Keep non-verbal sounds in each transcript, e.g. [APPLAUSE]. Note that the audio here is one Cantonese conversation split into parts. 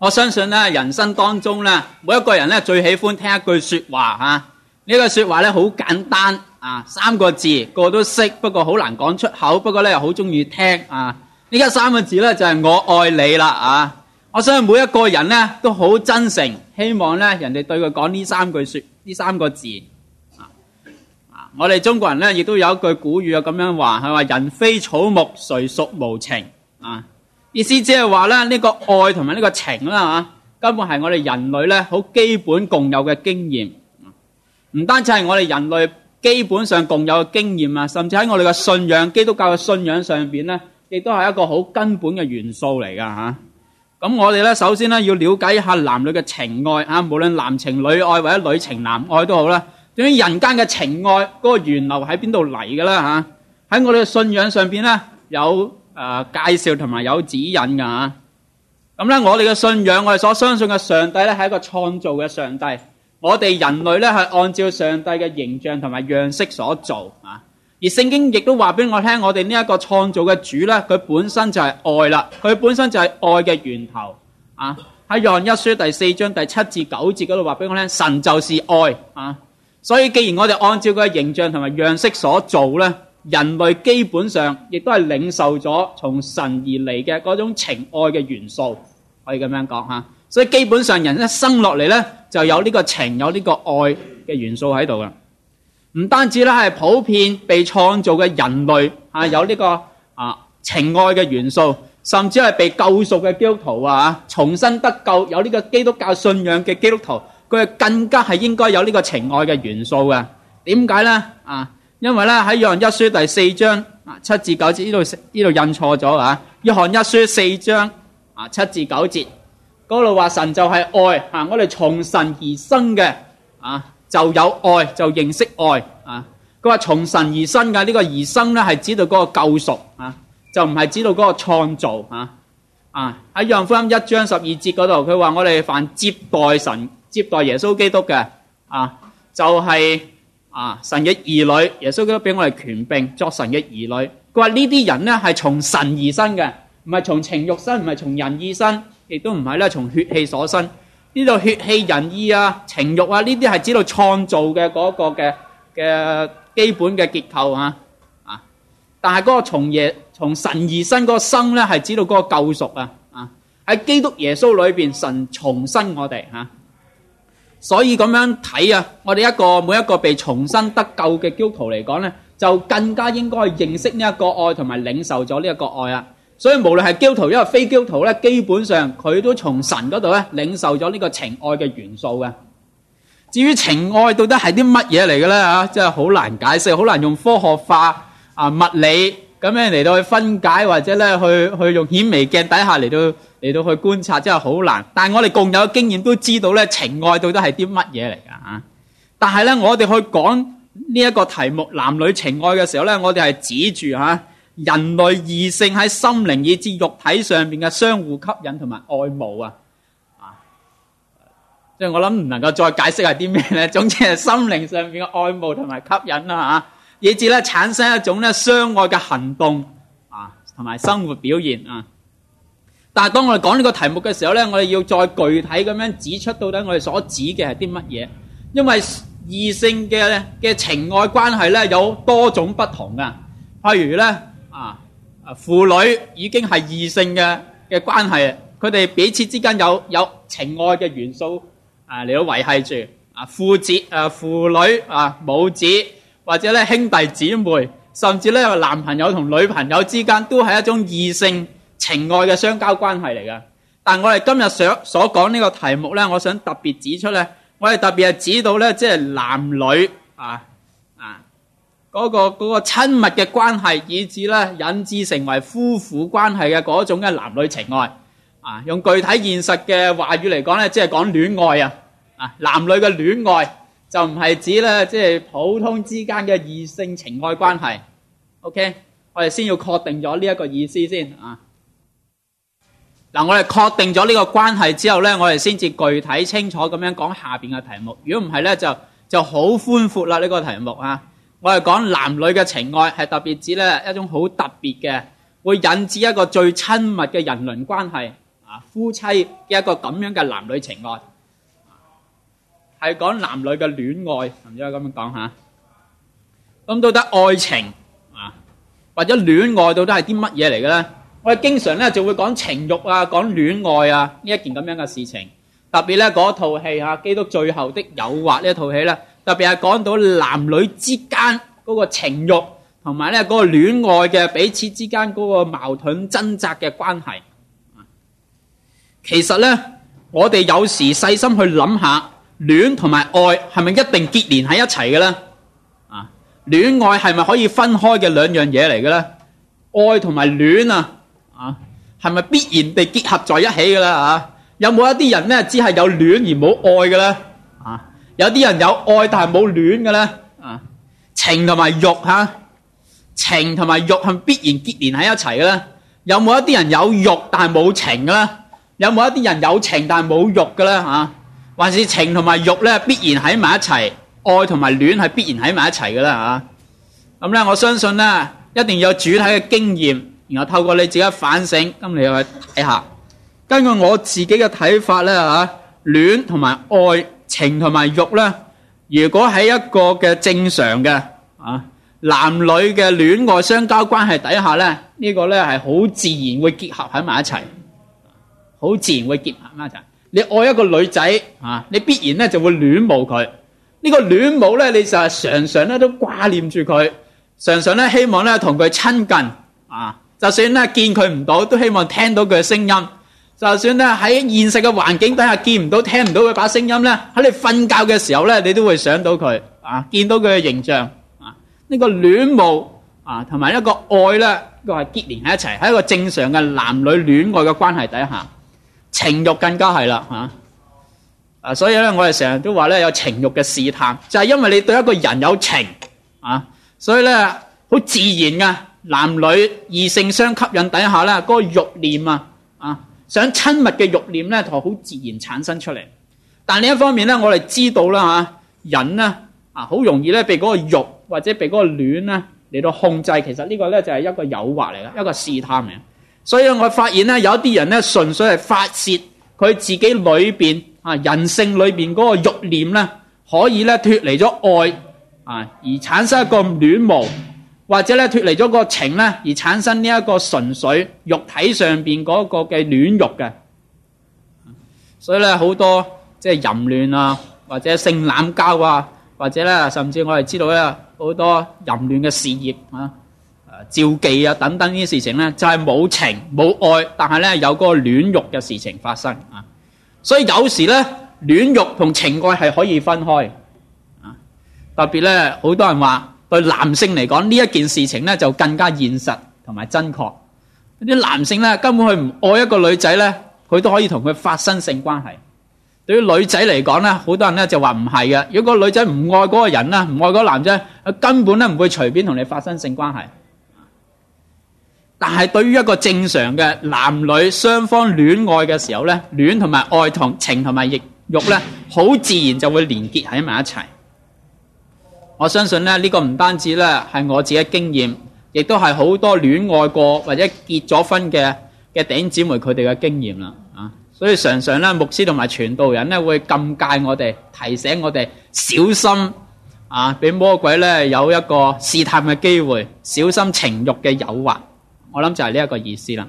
我相信咧，人生當中咧，每一個人咧最喜歡聽一句說話吓，呢個說話咧好簡單啊，三個字個個都識，不過好難講出口，不過咧又好中意聽啊。依家三個字咧就係我愛你啦啊！我相信每一個人咧都好真誠，希望咧人哋對佢講呢三句說呢三個字啊啊！我哋中國人咧亦都有一句古語啊咁樣話，係話人非草木，誰屬無情啊！意思即係話咧，呢個愛同埋呢個情啦吓，根本係我哋人類咧好基本共有嘅經驗。唔單止係我哋人類基本上共有嘅經驗啊，甚至喺我哋嘅信仰基督教嘅信仰上邊咧，亦都係一個好根本嘅元素嚟噶吓。咁我哋咧，首先咧要了解一下男女嘅情愛吓，無論男情女愛或者女情男愛都好啦。點解人間嘅情愛嗰個源流喺邊度嚟嘅呢？吓？喺我哋嘅信仰上邊咧有。啊！介紹同埋有指引噶，咁咧我哋嘅信仰，我哋所相信嘅上帝咧係一個創造嘅上帝，我哋人類咧係按照上帝嘅形象同埋樣式所做啊。而聖經亦都話俾我聽，我哋呢一個創造嘅主咧，佢本身就係愛啦，佢本身就係愛嘅源頭啊。喺約翰一書第四章第七至九節嗰度話俾我聽，神就是愛啊。所以既然我哋按照佢嘅形象同埋樣式所做咧。人類基本上亦都領受咗從神而嚟嘅嗰種情愛嘅元素，可以咁樣講吓，所以基本上人一生落嚟呢，就有呢個情有呢個愛嘅元素喺度㗎。因為咧喺約翰一書第四章啊七至九節呢度，呢度印錯咗啊，約翰一書四章啊七至九節嗰度話，神就係愛啊，我哋從神而生嘅啊，就有愛就認識愛啊。佢話從神而生嘅呢，這個而生咧係指到嗰個救贖啊，就唔係指到嗰個創造啊。啊，喺約翰福音一章十二節嗰度佢話，我哋凡接待神，接待耶穌基督嘅啊，就係、是。啊！神嘅兒女，耶穌基督俾我哋權柄作神嘅兒女。佢話呢啲人呢係從神而生嘅，唔係從情欲生，唔係從人意生，亦都唔係咧從血氣所生。呢度血氣、人意啊、情欲啊，呢啲係指到創造嘅嗰個嘅嘅基本嘅結構啊。但係嗰個從耶從神而生嗰個生呢，係指到嗰個救贖啊啊！喺基督耶穌裏邊，神重生我哋吓。啊所以咁樣睇啊，我哋一個每一個被重生得救嘅基督徒嚟講咧，就更加應該認識呢一個愛同埋領受咗呢個愛啊。所以無論係基督徒，因為非基督徒咧，基本上佢都從神嗰度咧領受咗呢個情愛嘅元素嘅。至於情愛到底係啲乜嘢嚟嘅咧？啊，真係好難解釋，好難用科學化啊、物理。咁樣嚟到去分解或者咧，去去用顯微鏡底下嚟到嚟到去觀察，真係好難。但係我哋共有經驗都知道咧，情愛到底係啲乜嘢嚟㗎啊？但係咧，我哋去講呢一個題目男女情愛嘅時候咧，我哋係指住嚇人類異性喺心靈以至肉體上邊嘅相互吸引同埋愛慕啊！啊，即係我諗唔能夠再解釋係啲咩咧？總之係心靈上邊嘅愛慕同埋吸引啦嚇。以致咧產生一種咧相愛嘅行動啊，同埋生活表現啊。但係當我哋講呢個題目嘅時候咧，我哋要再具體咁樣指出到底我哋所指嘅係啲乜嘢，因為異性嘅嘅情愛關係咧，有多種不同嘅。譬如咧啊啊父女已經係異性嘅嘅關係，佢哋彼此之間有有情愛嘅元素啊嚟到維繫住啊父子啊父女啊母子。或者咧兄弟姊妹，甚至咧男朋友同女朋友之間，都係一種異性情愛嘅相交關係嚟嘅。但我哋今日所所講呢個題目咧，我想特別指出咧，我哋特別係指到咧，即係男女啊啊嗰個嗰個親密嘅關係，以致咧引致成為夫婦關係嘅嗰種嘅男女情愛啊。用具體現實嘅話語嚟講咧，即係講戀愛啊啊，男女嘅戀愛。就唔係指咧，即係普通之間嘅異性情愛關係。OK，我哋先要確定咗呢一個意思先啊。嗱，我哋確定咗呢個關係之後咧，我哋先至具體清楚咁樣講下面嘅題目。如果唔係咧，就就好寬闊啦呢個題目啊。我哋講男女嘅情愛，係特別指咧一種好特別嘅，會引致一個最親密嘅人倫關係啊，夫妻嘅一個咁樣嘅男女情愛。係講男女嘅戀愛，唔知我咁樣講吓。咁到底愛情啊，或者戀愛到底係啲乜嘢嚟嘅咧？我哋經常咧就會講情欲啊，講戀愛啊呢一件咁樣嘅事情。特別咧嗰套戲吓，《基督最後的誘惑》呢一套戲啦，特別係講到男女之間嗰個情欲，同埋咧嗰個戀愛嘅彼此之間嗰個矛盾掙扎嘅關係。其實咧，我哋有時細心去諗下。戀同埋愛係咪一定結連喺一齊嘅咧？啊，戀愛係咪可以分開嘅兩樣嘢嚟嘅咧？愛同埋戀啊，啊，係咪必然地結合在一起嘅咧？啊，有冇一啲人咧只係有戀而冇愛嘅咧？啊，有啲人有愛但係冇戀嘅咧？啊，情同埋欲吓，情同埋欲係必然結連喺一齊嘅咧？有冇一啲人有欲但係冇情嘅咧？有冇一啲人有情但係冇欲嘅咧？啊？還是情同埋欲咧，必然喺埋一齊；愛同埋戀係必然喺埋一齊㗎啦吓。咁、嗯、咧，我相信咧，一定要有主體嘅經驗，然後透過你自己反省，咁你又去睇下。根據我自己嘅睇法咧吓，戀同埋愛情同埋欲咧，如果喺一個嘅正常嘅啊男女嘅戀愛相交關係底下咧，呢、這個咧係好自然會結合喺埋一齊，好自然會結合埋你愛一個女仔啊，你必然咧就會戀慕佢。呢個戀慕咧，你就係常常咧都掛念住佢，常常咧希望咧同佢親近啊。就算咧見佢唔到，都希望聽到佢嘅聲音。就算咧喺現實嘅環境底下見唔到，聽唔到佢把聲音咧，喺你瞓覺嘅時候咧，你都會想到佢啊，見到佢嘅形象啊。呢個戀慕啊，同埋一個愛咧，都係結連喺一齊，喺一個正常嘅男女戀愛嘅關係底下。情慾更加係啦，啊，所以咧，我哋成日都話咧，有情慾嘅試探，就係因為你對一個人有情，啊，所以咧，好自然噶，男女異性相吸引底下咧，嗰個慾念啊，啊，想親密嘅慾念咧，就好自然產生出嚟。但另一方面咧，我哋知道啦，吓人咧，啊，好容易咧被嗰個慾或者被嗰個戀咧嚟到控制，其實呢個咧就係一個誘惑嚟嘅，一個試探嘅。所以我發現咧，有啲人咧純粹係發泄佢自己裏邊啊人性裏邊嗰個慾念咧，可以咧脱離咗愛啊，而產生一個戀慕，或者咧脱離咗個情咧，而產生呢一個純粹肉體上邊嗰個嘅戀慾嘅。所以咧好多即係淫亂啊，或者性濫交啊，或者咧甚至我哋知道咧好多淫亂嘅事業啊。召妓啊，等等呢啲事情咧，就係冇情冇愛，但係咧有嗰個戀欲嘅事情發生啊。所以有時咧，戀欲同情愛係可以分開啊。特別咧，好多人話，對男性嚟講呢一件事情咧就更加現實同埋真確。啲男性咧根本佢唔愛一個女仔咧，佢都可以同佢發生性關係。對於女仔嚟講咧，好多人咧就話唔係嘅。如果個女仔唔愛嗰個人啦，唔愛嗰個男仔，佢根本咧唔會隨便同你發生性關係。但係，對於一個正常嘅男女雙方戀愛嘅時候咧，戀同埋愛同情同埋慾欲咧，好自然就會連結喺埋一齊。我相信咧，呢個唔單止咧係我自己經驗，亦都係好多戀愛過或者結咗婚嘅嘅弟兄姊妹佢哋嘅經驗啦。啊，所以常常咧，牧師同埋傳道人咧會禁戒我哋，提醒我哋小心啊，俾魔鬼咧有一個試探嘅機會，小心情慾嘅誘惑。我諗就係呢一個意思啦。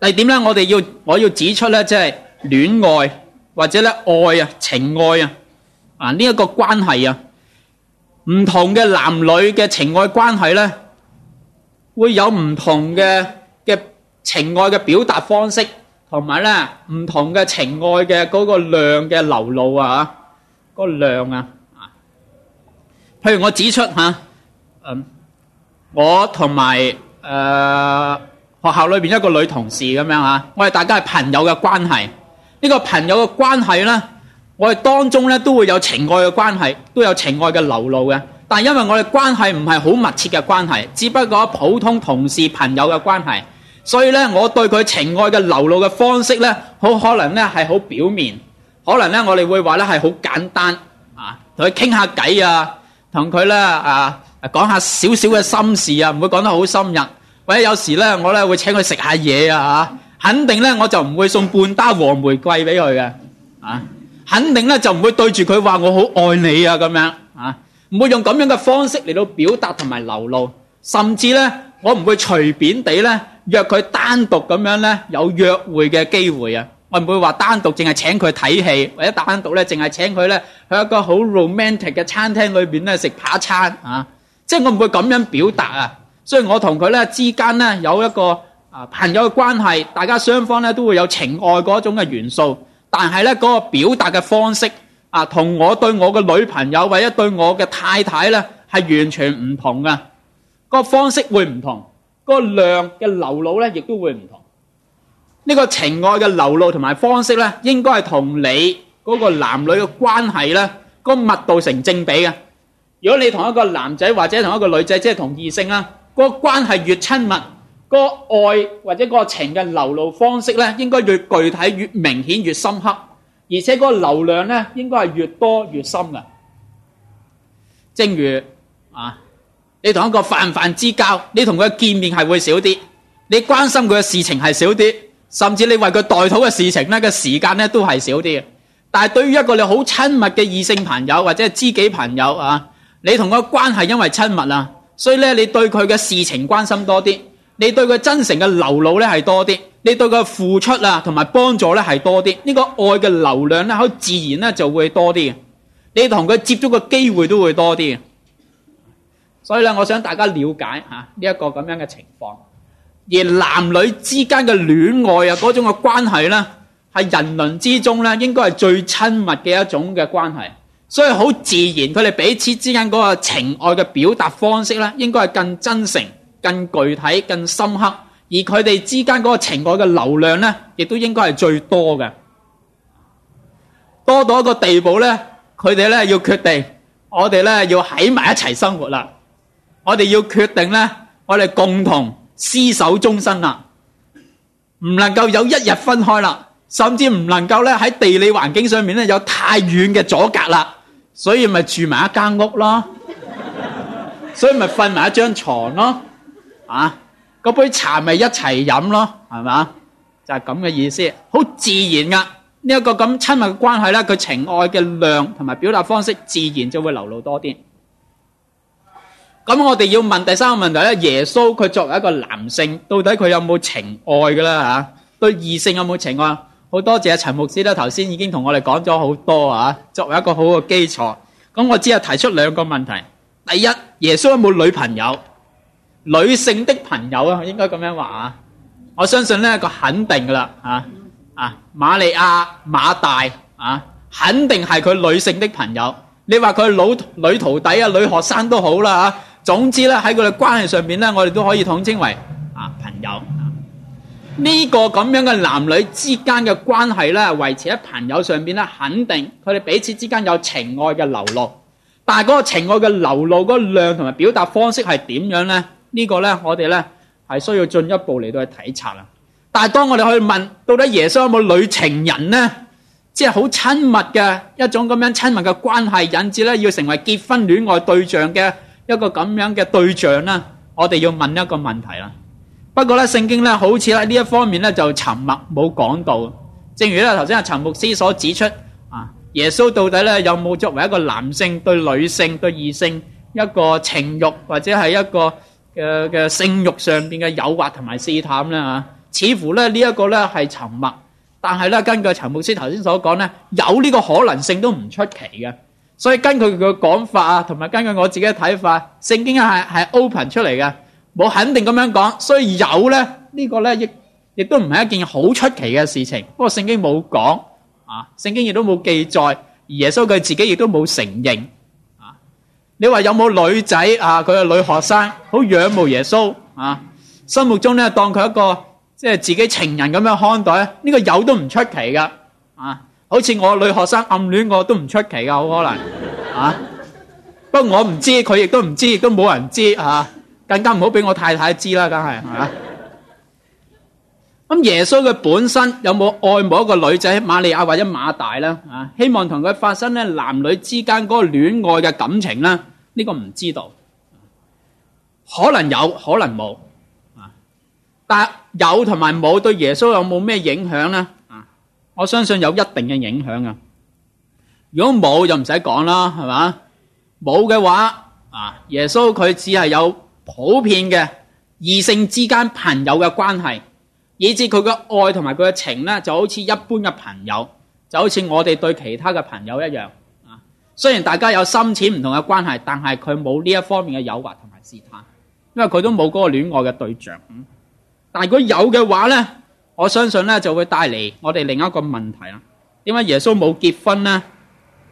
第二點咧，我哋要我要指出咧，即係戀愛或者咧愛啊情愛啊啊呢一個關係啊，唔同嘅男女嘅情愛關係咧，會有唔同嘅嘅情愛嘅表達方式，同埋咧唔同嘅情愛嘅嗰個量嘅流露啊，個量啊啊。譬如我指出吓，嗯。我同埋誒學校裏邊一個女同事咁樣啊。我哋大家係朋友嘅關係。呢個朋友嘅關係呢，我哋當中呢都會有情愛嘅關係，都有情愛嘅流露嘅。但係因為我哋關係唔係好密切嘅關係，只不過普通同事朋友嘅關係，所以呢，我對佢情愛嘅流露嘅方式呢，好可能呢係好表面，可能呢我哋會話呢係好簡單啊，同佢傾下偈啊，同佢呢。啊。講下少少嘅心事啊，唔會講得好深入，或者有時咧，我咧會請佢食下嘢啊吓，肯定咧我就唔會送半打黃玫瑰俾佢嘅，啊，肯定咧就唔會對住佢話我好愛你啊咁樣，啊，唔會用咁樣嘅方式嚟到表達同埋流露，甚至咧我唔會隨便地咧約佢單獨咁樣咧有約會嘅機會啊，我唔會話單獨淨係請佢睇戲，或者單獨咧淨係請佢咧去一個好 romantic 嘅餐廳裏邊咧食扒餐啊。即係我唔會咁樣表達啊，所以我同佢咧之間咧有一個啊朋友嘅關係，大家雙方咧都會有情愛嗰一種嘅元素，但係咧嗰個表達嘅方式啊，同我對我嘅女朋友或者對我嘅太太咧係完全唔同嘅，個方式會唔同，個量嘅流露咧亦都會唔同，呢個情愛嘅流露同埋方式咧，應該係同你嗰個男女嘅關係咧個密度成正比嘅。如果你同一個男仔或者同一個女仔，即係同異性啦，個關係越親密，個愛或者個情嘅流露方式咧，應該越具體、越明顯、越深刻，而且嗰個流量咧，應該係越多越深嘅。正如啊，你同一個泛泛之交，你同佢見面係會少啲，你關心佢嘅事情係少啲，甚至你為佢代禱嘅事情咧個時間咧都係少啲。但係對於一個你好親密嘅異性朋友或者知己朋友啊，你同佢關係因為親密啦，所以咧你對佢嘅事情關心多啲，你對佢真誠嘅流露咧係多啲，你對佢付出啊同埋幫助咧係多啲，呢個愛嘅流量咧，好自然咧就會多啲。你同佢接觸嘅機會都會多啲，所以咧我想大家了解吓呢一個咁樣嘅情況。而男女之間嘅戀愛啊，嗰種嘅關係咧，係人倫之中咧，應該係最親密嘅一種嘅關係。所以好自然，佢哋彼此之間嗰個情愛嘅表達方式咧，應該係更真誠、更具體、更深刻，而佢哋之間嗰個情愛嘅流量咧，亦都應該係最多嘅，多到一個地步咧，佢哋咧要決定，我哋咧要喺埋一齊生活啦，我哋要決定咧，我哋共同廝守終身啦，唔能夠有一日分開啦，甚至唔能夠咧喺地理環境上面咧有太遠嘅阻隔啦。所以，咪住埋一間屋囉，好多謝陳牧師啦，頭先已經同我哋講咗好多啊。作為一個好嘅基礎，咁我只係提出兩個問題。第一，耶穌有冇女朋友？女性的朋友啊，應該咁樣話啊。我相信呢個肯定噶啦啊啊，馬利亞、馬大啊，肯定係佢女性的朋友。你話佢老女徒弟啊、女學生都好啦，總之咧喺佢哋關係上面咧，我哋都可以統稱為啊朋友。呢、這個咁樣嘅男女之間嘅關係咧，維持喺朋友上邊咧，肯定佢哋彼此之間有情愛嘅流露。但係嗰個情愛嘅流露嗰量同埋表達方式係點樣咧？這個、呢個咧，我哋咧係需要進一步嚟到去體察啦。但係當我哋去問到底耶穌有冇女情人咧，即係好親密嘅一種咁樣親密嘅關係，引致咧要成為結婚戀愛對象嘅一個咁樣嘅對象咧，我哋要問一個問題啦。不過咧，聖經咧，好似喺呢一方面咧就沉默冇講到。正如咧頭先阿陳牧師所指出，啊，耶穌到底咧有冇作為一個男性對女性對異性一個情慾或者係一個嘅嘅、呃、性慾上邊嘅誘惑同埋試探咧啊？似乎咧呢一個咧係沉默。但係咧根據陳牧師頭先所講咧，有呢個可能性都唔出奇嘅。所以根據佢嘅講法啊，同埋根據我自己嘅睇法，聖經係係 open 出嚟嘅。冇肯定咁樣講，所以有咧呢個咧亦亦都唔係一件好出奇嘅事情。不過聖經冇講啊，聖經亦都冇記載，而耶穌佢自己亦都冇承認啊。你話有冇女仔啊？佢個女學生好仰慕耶穌啊，心目中咧當佢一個即係自己情人咁樣看待咧，呢個有都唔出奇噶啊。好似我女學生暗戀我都唔出奇噶，好可能啊。不過我唔知，佢亦都唔知，亦都冇人知啊。更加唔好俾我太太知啦，梗係，咁耶穌佢本身有冇愛慕一個女仔瑪利亞或者馬大咧？啊，希望同佢發生咧男女之間嗰個戀愛嘅感情咧，呢個唔知道，可能有可能冇，但係有同埋冇對耶穌有冇咩影響咧？啊，我相信有一定嘅影響啊。如果冇就唔使講啦，係嘛？冇嘅話啊，耶穌佢只係有。普遍嘅異性之間朋友嘅關係，以至佢嘅愛同埋佢嘅情咧，就好似一般嘅朋友，就好似我哋對其他嘅朋友一樣。啊，雖然大家有深淺唔同嘅關係，但係佢冇呢一方面嘅誘惑同埋試探，因為佢都冇嗰個戀愛嘅對象。但如果有嘅話呢，我相信呢就會帶嚟我哋另一個問題啦。點解耶穌冇結婚呢？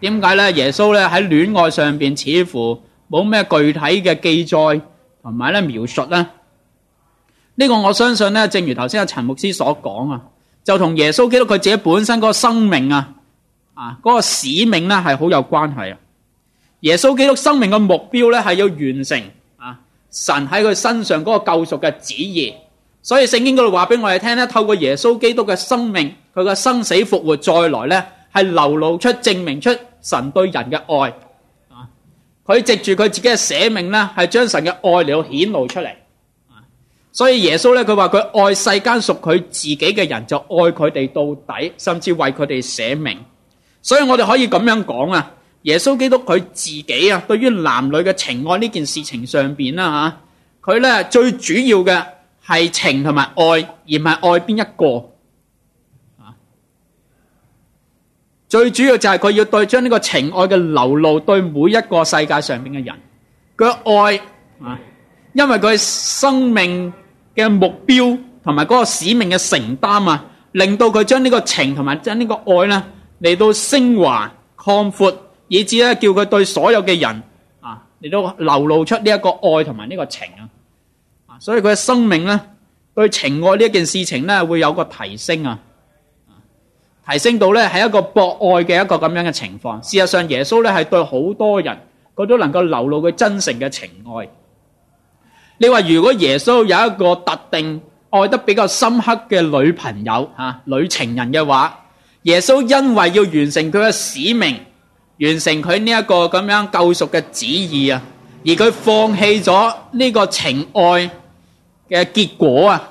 點解呢？耶穌呢喺戀愛上邊似乎冇咩具體嘅記載。同埋咧描述咧，呢個我相信咧，正如頭先阿陳牧師所講啊，就同耶穌基督佢自己本身嗰個生命啊，啊嗰個使命咧係好有關係啊。耶穌基督生命嘅目標咧係要完成啊神喺佢身上嗰個救贖嘅旨意，所以聖經嗰度話俾我哋聽咧，透過耶穌基督嘅生命，佢嘅生死復活再來咧，係流露出證明出神對人嘅愛。佢藉住佢自己嘅捨命啦，係將神嘅愛嚟顯露出嚟。所以耶穌咧，佢話佢愛世間屬佢自己嘅人，就愛佢哋到底，甚至為佢哋捨命。所以我哋可以咁樣講啊，耶穌基督佢自己啊，對於男女嘅情愛呢件事情上邊啦吓，佢咧最主要嘅係情同埋愛，而唔係愛邊一個。最主要就係佢要對，將呢個情愛嘅流露對每一個世界上邊嘅人佢愛啊，因為佢生命嘅目標同埋嗰個使命嘅承擔啊，令到佢將呢個情同埋將呢個愛咧嚟到升華、擴闊，以至咧叫佢對所有嘅人啊嚟到流露出呢一個愛同埋呢個情啊啊，所以佢嘅生命咧對情愛呢一件事情咧會有個提升啊。提升到咧係一個博愛嘅一個咁樣嘅情況。事實上耶穌咧係對好多人佢都能夠流露佢真誠嘅情愛。你話，如果耶穌有一個特定愛得比較深刻嘅女朋友吓，女情人嘅話，耶穌因為要完成佢嘅使命，完成佢呢一個咁樣救贖嘅旨意啊，而佢放棄咗呢個情愛嘅結果啊。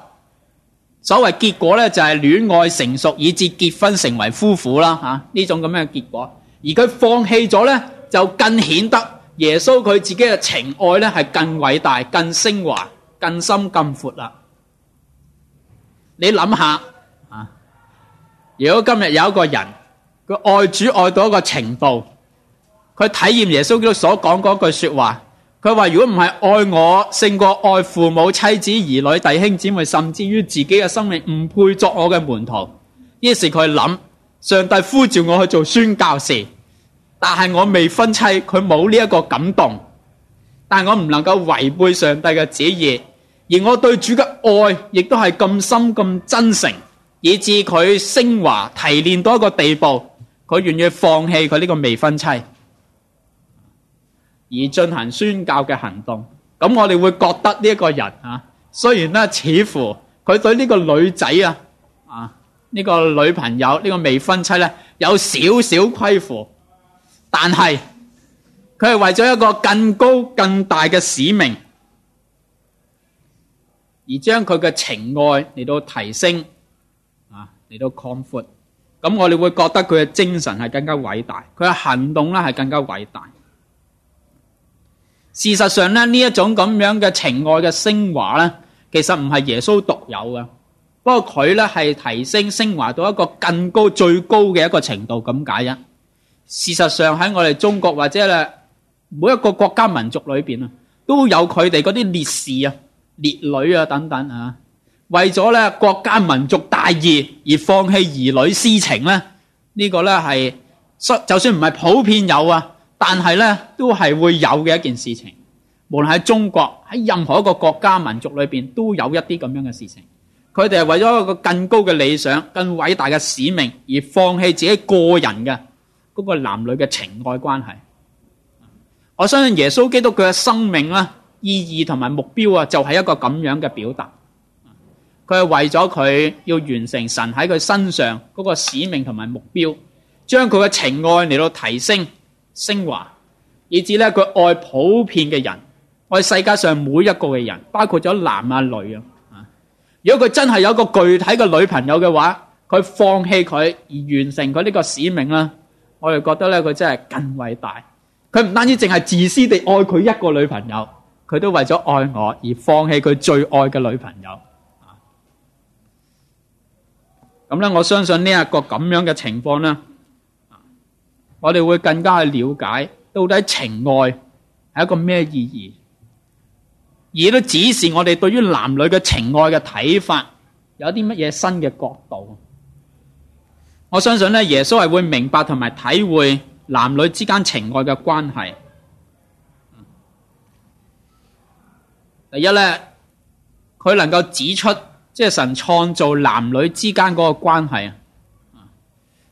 所謂結果咧，就係戀愛成熟，以至結婚成為夫婦啦，吓呢種咁樣嘅結果。而佢放棄咗咧，就更顯得耶穌佢自己嘅情愛咧係更偉大、更升華、更深、更闊啦。你諗下啊，如果今日有一個人，佢愛主愛到一個程度，佢體驗耶穌基督所講嗰句說話。佢話，如果唔係愛我勝過愛父母、妻子、兒女、弟兄姊妹，甚至於自己嘅生命，唔配作我嘅門徒。於是佢諗，上帝呼召我去做宣教士，但係我未婚妻佢冇呢一個感動。但係我唔能夠違背上帝嘅旨意，而我對主嘅愛亦都係咁深咁真誠，以至佢升華提煉到一個地步，佢願意放棄佢呢個未婚妻。而進行宣教嘅行動，咁我哋會覺得呢一個人啊，雖然呢，似乎佢對呢個女仔啊，啊、呢、呢個女朋友、呢、呢個未婚妻呢，有少少虧負，但係佢係為咗一個更高更大嘅使命，而將佢嘅情愛嚟到提升，啊嚟到擴闊，咁我哋會覺得佢嘅精神係更加偉大，佢嘅行動呢係更加偉大。事實上咧，呢一種咁樣嘅情愛嘅昇華咧，其實唔係耶穌獨有嘅。不過佢咧係提升昇華到一個更高、最高嘅一個程度咁解啫。事實上喺我哋中國或者咧每一個國家民族裏邊啊，都有佢哋嗰啲烈士啊、烈女啊等等啊，為咗咧國家民族大義而放棄兒女私情咧，呢個咧係，就算唔係普遍有啊。但係咧，都係會有嘅一件事情。無論喺中國，喺任何一個國家民族裏邊，都有一啲咁樣嘅事情。佢哋係為咗一個更高嘅理想、更偉大嘅使命而放棄自己個人嘅嗰個男女嘅情愛關係。我相信耶穌基督佢嘅生命啦、意義同埋目標啊，就係一個咁樣嘅表達。佢係為咗佢要完成神喺佢身上嗰個使命同埋目標，將佢嘅情愛嚟到提升，升華，以至咧佢愛普遍嘅人，愛世界上每一個嘅人，包括咗男啊女啊。啊，如果佢真係有個具體嘅女朋友嘅話，佢放棄佢而完成佢呢個使命啦，我哋覺得咧佢真係更偉大。佢唔單止淨係自私地愛佢一個女朋友，佢都為咗愛我而放棄佢最愛嘅女朋友。啊，咁咧我相信呢一個咁樣嘅情況咧。我哋會更加去了解到底情愛係一個咩意義，而都指示我哋對於男女嘅情愛嘅睇法有啲乜嘢新嘅角度。我相信咧，耶穌係會明白同埋體會男女之間情愛嘅關係。第一咧，佢能夠指出，即係神創造男女之間嗰個關係啊。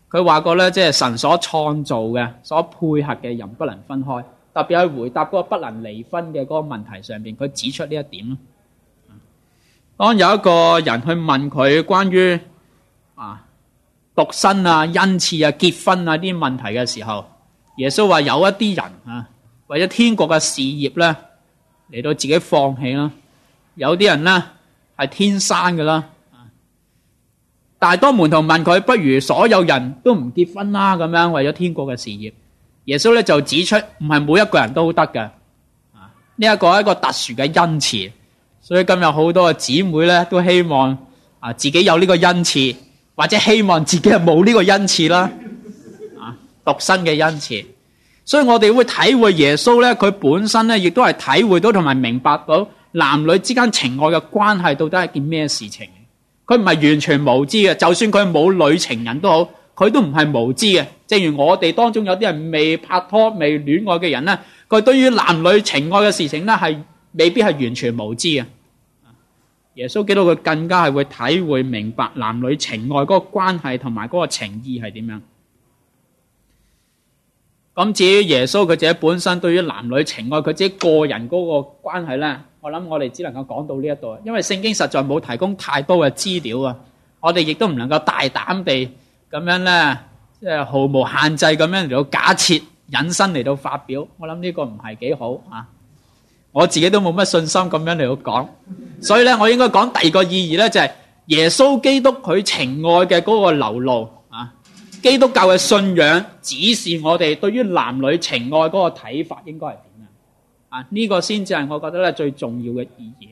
佢話過咧，即係神所創造嘅，所配合嘅人不能分開。特別係回答嗰個不能離婚嘅嗰個問題上邊。佢指出呢一點。當有一個人去問佢關於啊獨身啊、恩賜啊、結婚啊啲問題嘅時候，耶穌話有一啲人啊，為咗天國嘅事業咧，嚟到自己放棄啦；有啲人咧係天生嘅啦。大多門徒問佢，不如所有人都唔結婚啦咁樣，為咗天國嘅事業。耶穌咧就指出，唔係每一個人都得嘅啊。呢一個係一個特殊嘅恩賜，所以今日好多嘅姊妹咧都希望啊自己有呢個恩賜，或者希望自己係冇呢個恩賜啦。啊，獨身嘅恩賜。所以我哋會體會耶穌咧，佢本身咧亦都係體會到同埋明白到男女之間情愛嘅關係到底係件咩事情。佢唔係完全無知嘅，就算佢冇女情人都好，佢都唔係無知嘅。正如我哋當中有啲人未拍拖、未戀愛嘅人咧，佢對於男女情愛嘅事情咧，係未必係完全無知嘅。耶穌基督佢更加係會體會明白男女情愛嗰個關係同埋嗰個情意係點樣。咁至於耶穌佢自己本身對於男女情愛佢自己個人嗰個關係咧，我諗我哋只能夠講到呢一度，因為聖經實在冇提供太多嘅資料啊，我哋亦都唔能夠大膽地咁樣咧，即係毫無限制咁樣嚟到假設引申嚟到發表，我諗呢個唔係幾好啊，我自己都冇乜信心咁樣嚟到講，所以咧我應該講第二個意義咧就係耶穌基督佢情愛嘅嗰個流露。基督教嘅信仰指示我哋對於男女情愛嗰個睇法應該係點樣啊，呢個先至係我覺得咧最重要嘅意義。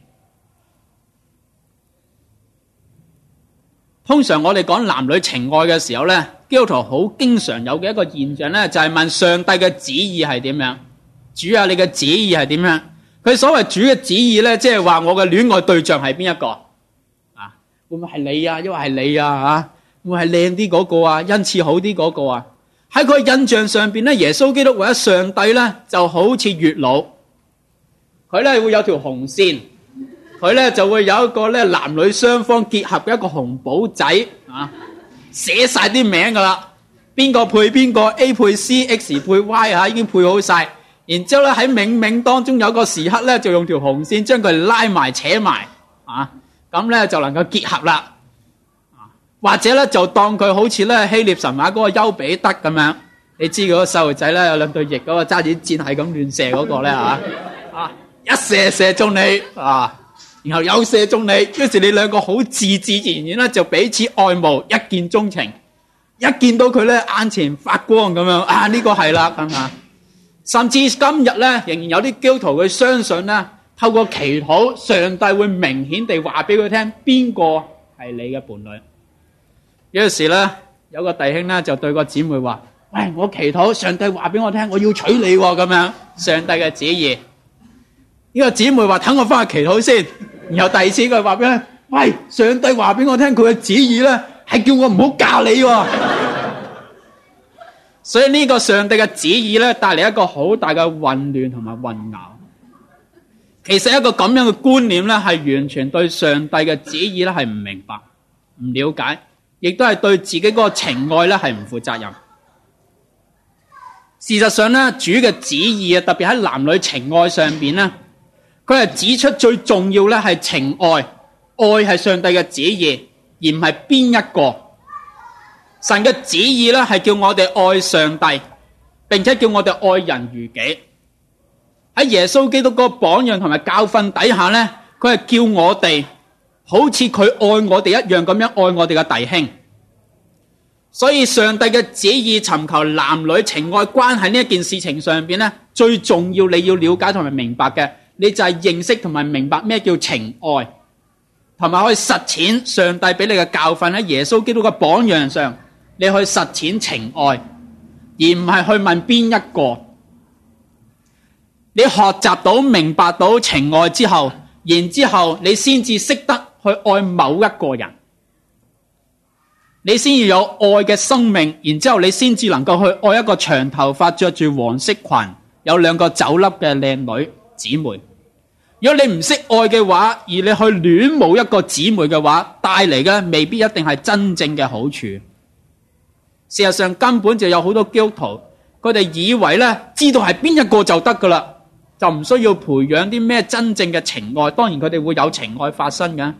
通常我哋講男女情愛嘅時候咧，基督徒好經常有嘅一個現象咧，就係問上帝嘅旨意係點樣？主啊，你嘅旨意係點樣？佢所謂主嘅旨意咧，即係話我嘅戀愛對象係邊一個啊？會唔會係你啊？因為係你啊？啊？會係靚啲嗰個啊，恩賜好啲嗰個啊，喺佢印象上邊咧，耶穌基督或者上帝咧，就好似月老，佢咧會有條紅線，佢咧就會有一個咧男女雙方結合嘅一個紅寶仔啊，寫晒啲名噶啦，邊個配邊個，A 配 C，X 配 Y 啊，已經配好晒，然之後咧喺冥冥當中有個時刻咧，就用條紅線將佢拉埋扯埋啊，咁咧就能夠結合啦。或者咧就當佢好似咧希臘神話嗰個丘比特咁樣，你知嗰個細路仔咧有兩對翼嗰個揸住箭係咁亂射嗰、嗰個咧 [LAUGHS] 啊一射射中你啊，然後又射中你，跟住你兩個好自自然然咧就彼此愛慕，一見鍾情，一見到佢咧眼前發光咁樣啊呢、呢個係啦 [LAUGHS] 甚至今日咧仍然有啲基督徒佢相信咧，透過祈禱上帝會明顯地話俾佢聽邊個係你嘅伴侶。有陣時咧，有個弟兄咧就對個姊妹話：喂、哎，我祈禱上帝話俾我聽，我要娶你咁樣。上帝嘅旨意，呢、這個姊妹話等我翻去祈禱先。然後第二次佢話俾我聽：喂，上帝話俾我聽佢嘅旨意咧，係叫我唔好嫁你。所以呢個上帝嘅旨意咧，帶嚟一個好大嘅混亂同埋混淆。其實一個咁樣嘅觀念咧，係完全對上帝嘅旨意咧係唔明白、唔了解。亦都係對自己個情愛咧係唔負責任。事實上咧，主嘅旨意啊，特別喺男女情愛上邊咧，佢係指出最重要咧係情愛，愛係上帝嘅旨意，而唔係邊一個。神嘅旨意咧係叫我哋愛上帝，並且叫我哋愛人如己。喺耶穌基督嗰個榜樣同埋教訓底下咧，佢係叫我哋。好似佢愛我哋一樣咁樣愛我哋嘅弟兄，所以上帝嘅旨意尋求男女情愛關係呢一件事情上邊咧，最重要你要了解同埋明白嘅，你就係認識同埋明白咩叫情愛，同埋可以實踐上帝俾你嘅教訓喺耶穌基督嘅榜樣上，你去實踐情愛，而唔係去問邊一個。你學習到明白到情愛之後，然之後你先至識得。去愛某一個人，你先要有愛嘅生命，然之後你先至能夠去愛一個長頭髮、着住黃色裙、有兩個酒粒嘅靚女姊妹。如果你唔識愛嘅話，而你去戀慕一個姊妹嘅話，帶嚟嘅未必一定係真正嘅好處。事實上，根本就有好多基督徒，佢哋以為咧知道係邊一個就得噶啦，就唔需要培養啲咩真正嘅情愛。當然，佢哋會有情愛發生嘅。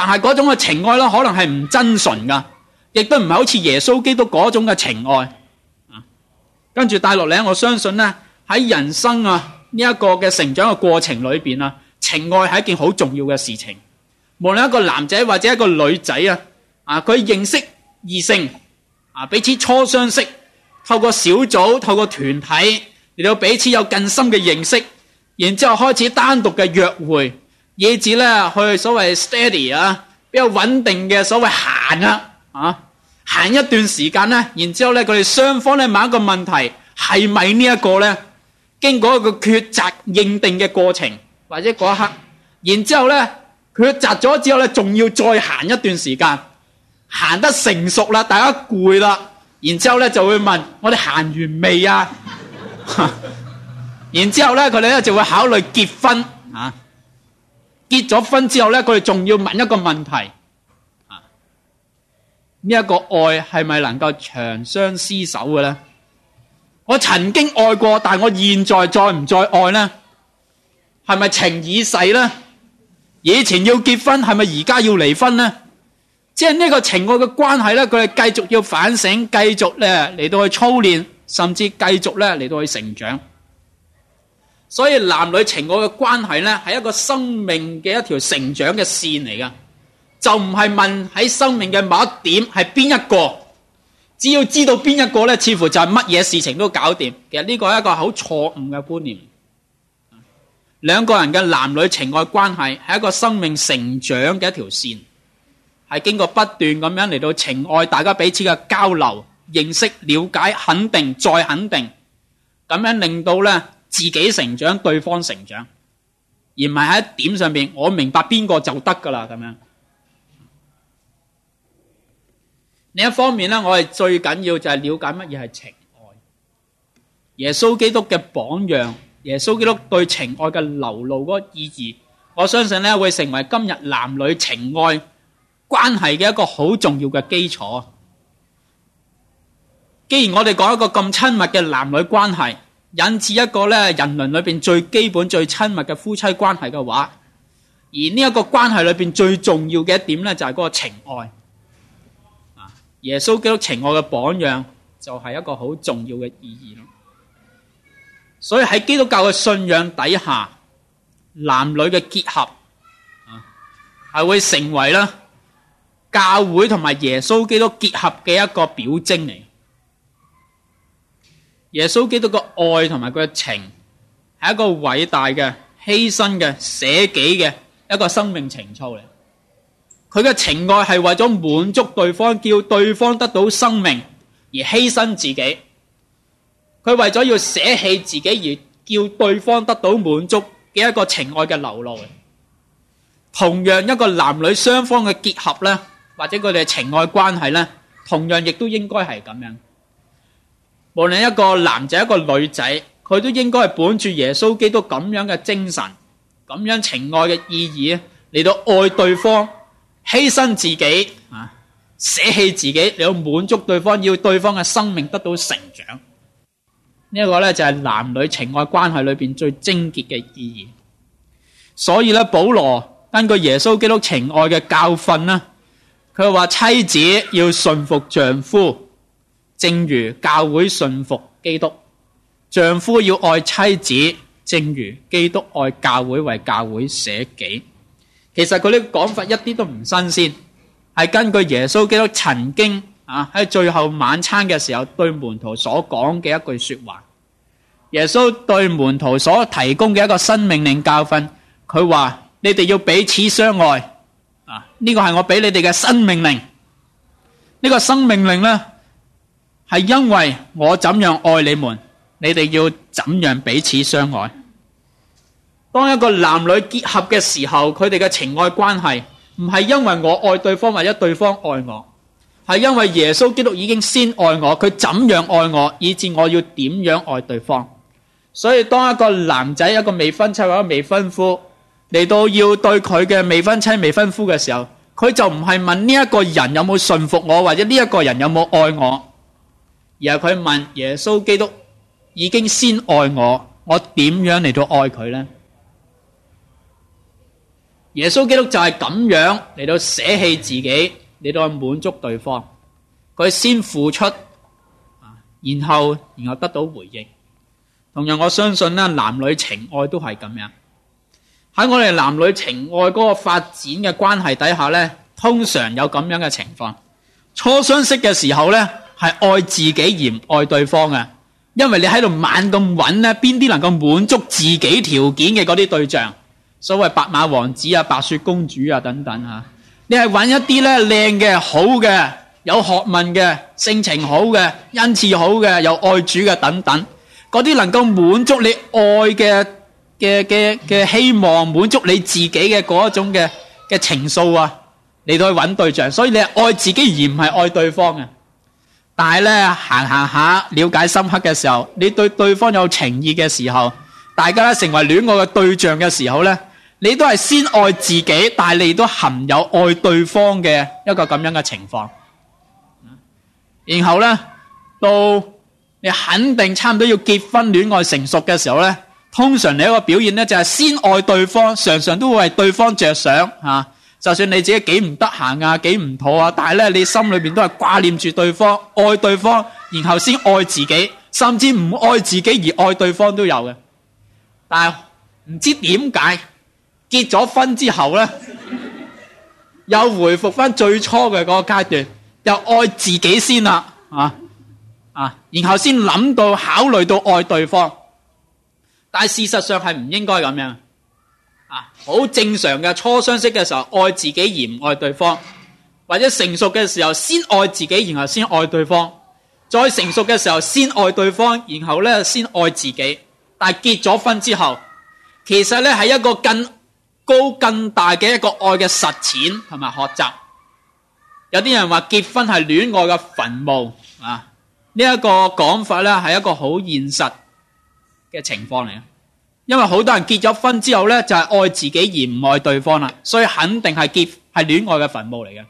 但係嗰種嘅情愛可能係唔真純噶，亦都唔係好似耶穌基督嗰種嘅情愛。啊，跟住落嚟，我相信咧喺人生啊呢一個嘅成長嘅過程裏邊啊，情愛係一件好重要嘅事情。無論一個男仔或者一個女仔啊，啊，佢認識異性啊，彼此初相識，透過小組，透過團體，嚟到彼此有更深嘅認識，然之後開始單獨嘅約會。以至咧去所謂 steady 啊，比較穩定嘅所謂行啊，啊行一段時間咧，然之後咧佢哋雙方咧問一個問題係咪呢一個咧，經過一個抉擇認定嘅過程，或者嗰一刻，然之後咧抉擇咗之後咧，仲要再行一段時間，行得成熟啦，大家攰啦，然之後咧就會問我哋行完未啊？然之後咧佢哋咧就會考慮結婚啊。結咗婚之後咧，佢哋仲要問一個問題啊：呢一個愛係咪能夠長相厮守嘅咧？我曾經愛過，但我現在再唔再愛呢？係咪情已逝呢？以前要結婚，係咪而家要離婚呢？即係呢個情愛嘅關係咧，佢哋繼續要反省，繼續咧嚟到去操練，甚至繼續咧嚟到去成長。所以男女情愛嘅關係呢，係一個生命嘅一條成長嘅線嚟噶，就唔係問喺生命嘅某一點係邊一個，只要知道邊一個呢，似乎就係乜嘢事情都搞掂。其實呢個係一個好錯誤嘅觀念。兩個人嘅男女情愛關係係一個生命成長嘅一條線，係經過不斷咁樣嚟到情愛，大家彼此嘅交流、認識、了解、肯定、再肯定，咁樣令到呢。自己成長，對方成長，而唔係喺點上面我明白邊個就得噶啦咁樣。另一方面呢，我係最緊要就係了解乜嘢係情愛。耶穌基督嘅榜樣，耶穌基督對情愛嘅流露嗰個意義，我相信呢會成為今日男女情愛關係嘅一個好重要嘅基礎。既然我哋講一個咁親密嘅男女關係，引致一個咧人倫裏邊最基本、最親密嘅夫妻關係嘅話，而呢一個關係裏邊最重要嘅一點咧，就係嗰個情愛。啊，耶穌基督情愛嘅榜樣就係一個好重要嘅意義咯。所以喺基督教嘅信仰底下，男女嘅結合啊係會成為咧教會同埋耶穌基督結合嘅一個表徵嚟。耶穌基督嘅愛同埋佢嘅情，係一個偉大嘅犧牲嘅捨己嘅一個生命情操嚟。佢嘅情愛係為咗滿足對方，叫對方得到生命而犧牲自己。佢為咗要捨棄自己而叫對方得到滿足嘅一個情愛嘅流露。同樣一個男女雙方嘅結合呢，或者佢哋嘅情愛關係呢，同樣亦都應該係咁樣。無論一個男仔一個女仔，佢都應該係本着耶穌基督咁樣嘅精神、咁樣的情愛嘅意義嚟到愛對方、犧牲自己啊、捨棄自己，你要滿足對方，要對方嘅生命得到成長。呢、呢個咧就係男女情愛關係裏邊最精潔嘅意義。所以咧，保羅根據耶穌基督情愛嘅教訓啦，佢話妻子要順服丈夫。正如教會信服基督，丈夫要愛妻子，正如基督愛教會為教會捨己。其實佢呢個講法一啲都唔新鮮，係根據耶穌基督曾經啊喺最後晚餐嘅時候對門徒所講嘅一句說話。耶穌對門徒所提供嘅一個新命令教訓，佢話你哋要彼此相愛啊。呢個係我俾你哋嘅新命令。呢個新命令呢。」係因為我怎樣愛你們，你哋要怎樣彼此相愛。當一個男女結合嘅時候，佢哋嘅情愛關係唔係因為我愛對方或者對方愛我，係因為耶穌基督已經先愛我，佢怎樣愛我，以至我要點樣愛對方。所以當一個男仔一個未婚妻或者未婚夫嚟到要對佢嘅未婚妻未婚夫嘅時候，佢就唔係問呢一個人有冇信服我或者呢一個人有冇愛我。然後佢問耶穌基督已經先愛我，我點樣嚟到愛佢呢？耶穌基督就係咁樣嚟到捨棄自己，嚟到滿足對方。佢先付出，然後然後得到回應。同樣，我相信呢，男女情愛都係咁樣。喺我哋男女情愛嗰個發展嘅關係底下呢，通常有咁樣嘅情況。初相識嘅時候呢，係愛自己而唔愛對方啊！因為你喺度猛咁揾呢邊啲能夠滿足自己條件嘅嗰啲對象，所謂白馬王子啊、白雪公主啊等等啊，你係揾一啲呢靚嘅、好嘅、有學問嘅、性情好嘅、恩賜好嘅、有愛主嘅等等嗰啲，能夠滿足你愛嘅嘅嘅嘅希望，滿足你自己嘅嗰一種嘅嘅情愫啊，你都去揾對象，所以你係愛自己而唔係愛對方啊。但係咧，行行下了解深刻嘅時候，你對對方有情意嘅時候，大家咧成為戀愛嘅對象嘅時候呢，你都係先愛自己，但係你都含有愛對方嘅一個咁樣嘅情況。然後呢，到你肯定差唔多要結婚戀愛成熟嘅時候呢，通常你一個表現呢，就係先愛對方，常常都會為對方着想吓。就算你自己幾唔得閒啊，幾唔妥啊，但係咧，你心裏面都係掛念住對方，愛對方，然後先愛自己，甚至唔愛自己而愛對方都有嘅。但係唔知點解結咗婚之後咧， [LAUGHS] 又回復翻最初嘅嗰個階段，又愛自己先啦，啊啊，然後先諗到考慮到愛對方，但係事實上係唔應該咁樣。好正常嘅，初相識嘅時候，愛自己而唔愛對方；或者成熟嘅時候，先愛自己然後先愛對方；再成熟嘅時候，先愛對方然後咧先愛自己。但係結咗婚之後，其實咧係一個更高更大嘅一個愛嘅實踐同埋學習。有啲人話結婚係戀愛嘅墳墓啊，呢一個講法咧係一個好現實嘅情況嚟。因為好多人結咗婚之後咧，就係愛自己而唔愛對方啦，所以肯定係結係戀愛嘅墳墓嚟嘅。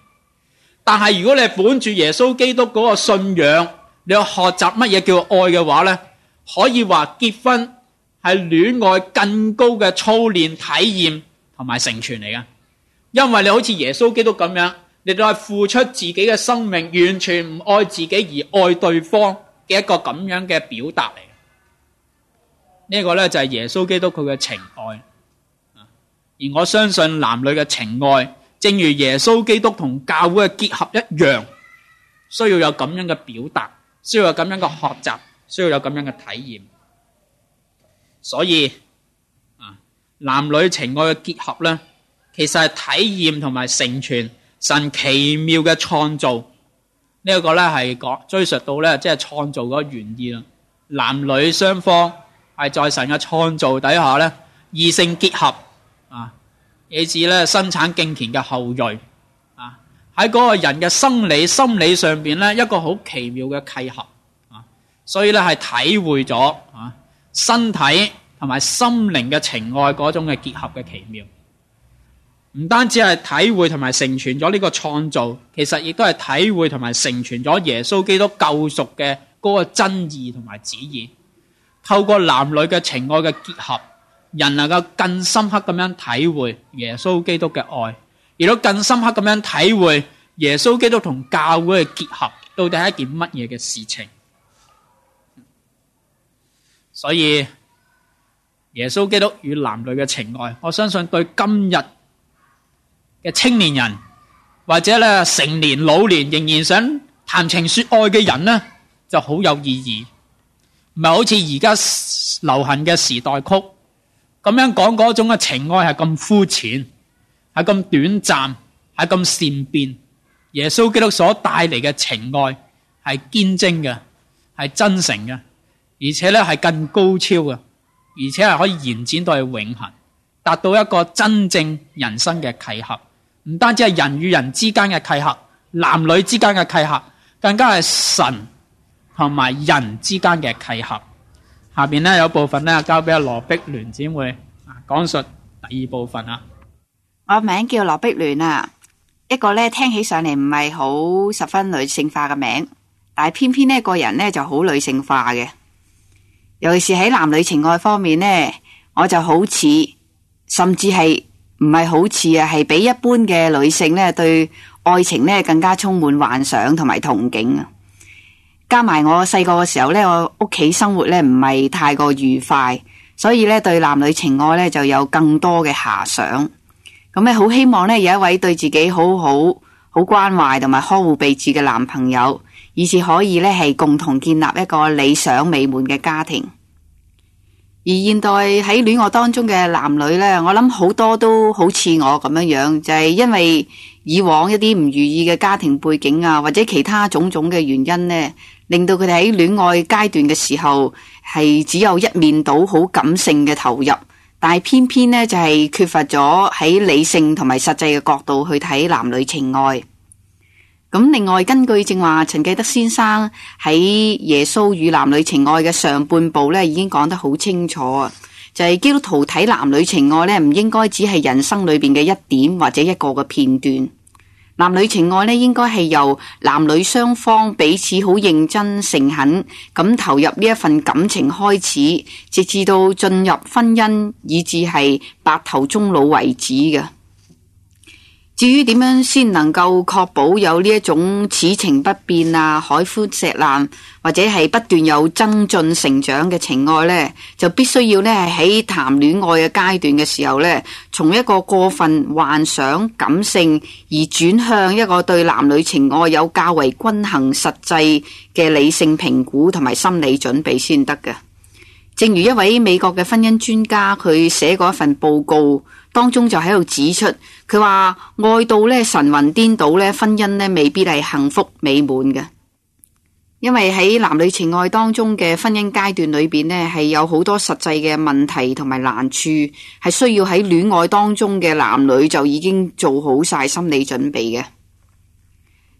但係如果你係本住耶穌基督嗰個信仰，你去學習乜嘢叫愛嘅話咧，可以話結婚係戀愛更高嘅操練體驗同埋成全嚟嘅。因為你好似耶穌基督咁樣，你都係付出自己嘅生命，完全唔愛自己而愛對方嘅一個咁樣嘅表達嚟。呢、個咧就係耶穌基督佢嘅情愛，而我相信男女嘅情愛，正如耶穌基督同教會嘅結合一樣，需要有咁樣嘅表達，需要有咁樣嘅學習，需要有咁樣嘅體驗。所以，男女情愛嘅結合咧，其實係體驗同埋成全神奇妙嘅創造。呢、個咧係講追溯到咧即係創造嗰個原意啦，男女雙方。係在神嘅創造底下咧，異性結合啊，以致咧生產敬虔嘅後裔啊。喺嗰個人嘅生理、心理上邊咧，一個好奇妙嘅契合啊。所以咧係體會咗啊，身體同埋心靈嘅情愛嗰種嘅結合嘅奇妙。唔單止係體會同埋成全咗呢個創造，其實亦都係體會同埋成全咗耶穌基督救贖嘅嗰個真義同埋旨意。透過男女嘅情愛嘅結合，人能夠更深刻咁樣體會耶穌基督嘅愛，亦都更深刻咁樣體會耶穌基督同教會嘅結合到底係一件乜嘢嘅事情。所以耶穌基督與男女嘅情愛，我相信對今日嘅青年人或者咧成年老年仍然想談情說愛嘅人呢，就好有意義。咪好似而家流行嘅時代曲咁樣講嗰種嘅情愛係咁膚淺，係咁短暫，係咁善變。耶穌基督所帶嚟嘅情愛係堅貞嘅，係真誠嘅，而且咧，係更高超嘅，而且係可以延展到係永恆，達到一個真正人生嘅契合。唔單止係人與人之間嘅契合，男女之間嘅契合，更加係神同埋人之間嘅契合，下邊呢，有部分呢，交俾阿羅碧聯展會啊，講述第二部分啊。我名叫羅碧聯啊，一個呢，聽起上嚟唔係好十分女性化嘅名，但係偏偏呢個人呢就好女性化嘅，尤其是喺男女情愛方面呢，我就好似甚至係唔係好似啊，係比一般嘅女性呢對愛情呢更加充滿幻想同埋憧憬啊！加埋我細個嘅時候咧，我屋企生活咧唔係太過愉快，所以咧對男女情愛咧就有更多嘅遐想。咁咧好希望咧有一位對自己好好、好關懷同埋呵護備至嘅男朋友，以至可以咧係共同建立一個理想美滿嘅家庭。而現代喺戀愛當中嘅男女咧，我諗好多都好似我咁樣樣，就係因為以往一啲唔如意嘅家庭背景啊，或者其他種種嘅原因呢。令到佢哋喺戀愛階段嘅時候，係只有一面倒好感性嘅投入，但係偏偏呢就係缺乏咗喺理性同埋實際嘅角度去睇男女情愛。咁另外，根據正話陳繼德先生喺《耶穌與男女情愛》嘅上半部呢已經講得好清楚啊，就係、是、基督徒睇男女情愛呢，唔應該只係人生裏邊嘅一點或者一個嘅片段。男女情愛應該係由男女雙方彼此好認真誠懇咁投入呢份感情開始，直至到進入婚姻，以至係白頭終老為止。至於點樣先能夠確保有呢一種此情不變啊、海枯石爛或者係不斷有增進成長嘅情愛呢？就必須要咧喺談戀愛嘅階段嘅時候，呢從一個過分幻想感性而轉向一個對男女情愛有較為均衡實際嘅理性評估同埋心理準備先得嘅。正如一位美國嘅婚姻專家，佢寫過一份報告。當中就喺度指出，佢話愛到神魂顛倒，婚姻未必係幸福美滿嘅，因為喺男女情愛當中嘅婚姻階段裏邊咧，係有好多實際嘅問題同埋難處，係需要喺戀愛當中嘅男女就已經做好晒心理準備嘅。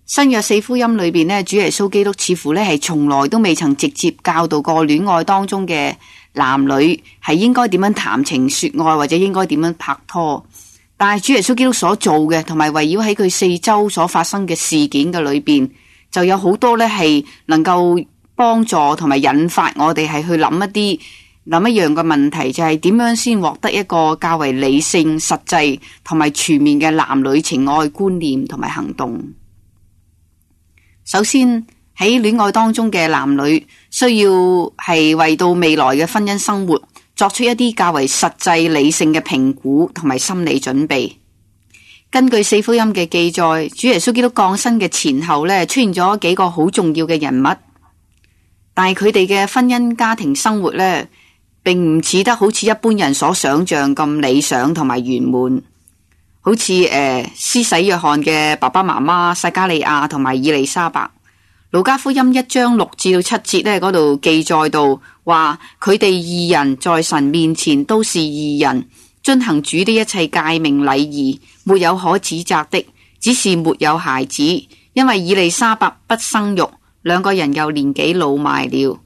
新約四福音裏邊，主耶穌基督似乎咧係從來都未曾直接教導過戀愛當中嘅。男女係應該點樣談情說愛，或者應該點樣拍拖？但係主耶穌基督所做嘅，同埋圍繞喺佢四周所發生嘅事件嘅裏邊，就有好多呢係能夠幫助同埋引發我哋係去諗一啲諗一樣嘅問題，就係點樣先獲得一個較為理性、實際同埋全面嘅男女情愛觀念同埋行動。首先，喺戀愛當中嘅男女需要係為到未來嘅婚姻生活作出一啲較為實際理性嘅評估同埋心理準備。根據四福音嘅記載，主耶穌基督降生嘅前後呢，出現咗幾個好重要嘅人物，但係佢哋嘅婚姻家庭生活呢，並唔似得好似一般人所想象咁理想同埋圓滿，好似誒施洗約翰嘅爸爸媽媽撒迦利亞同埋以利沙伯。《路加福音》一章六至七節呢，嗰度記載到話，佢哋二人在神面前都是二人，遵行主的一切誡命禮儀，沒有可指責的，只是沒有孩子，因為以利沙伯不生育，兩個人又年紀老邁了，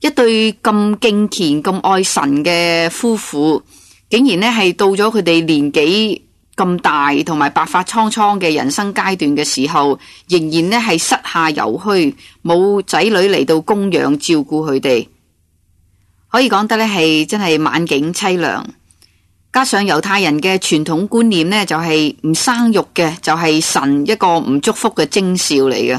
一對咁敬虔、咁愛神嘅夫婦，竟然呢係到咗佢哋年紀。咁大同埋白髮蒼蒼嘅人生階段嘅時候，仍然呢係膝下猶虛，冇仔女嚟到供養照顧佢哋，可以講得呢係真係晚景淒涼。加上猶太人嘅傳統觀念呢，就係唔生育嘅就係神一個唔祝福嘅徵兆嚟嘅。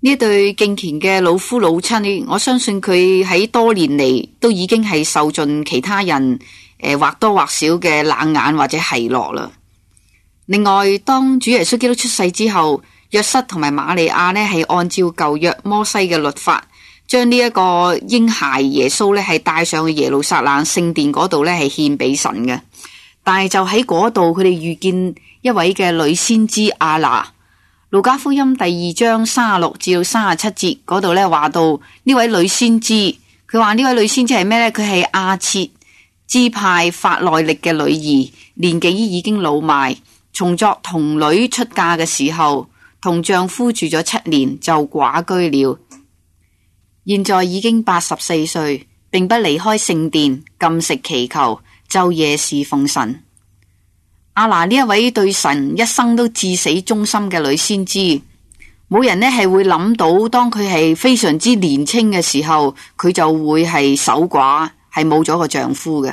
呢一對敬虔嘅老夫老妻，我相信佢喺多年嚟都已經係受盡其他人。誒、呃，或多或少嘅冷眼或者奚落啦。另外，當主耶穌基督出世之後，約瑟同埋瑪利亞呢係按照舊約摩西嘅律法，將呢一個嬰孩耶穌呢係帶上去耶路撒冷聖殿嗰度呢係獻俾神嘅。但係就喺嗰度，佢哋遇見一位嘅女先知阿娜。路加福音第二章三十六至到三十七節嗰度呢，話到呢位女先知，佢話呢位女先知係咩呢？佢係阿切支派法內力嘅女兒，年紀已經老邁，從作童女出嫁嘅時候，同丈夫住咗七年就寡居了。現在已經八十四歲，並不離開聖殿，禁食祈求，晝夜侍奉神。阿娜呢一位對神一生都至死忠心嘅女先知，冇人呢係會諗到，當佢係非常之年輕嘅時候，佢就會係守寡。係冇咗個丈夫嘅。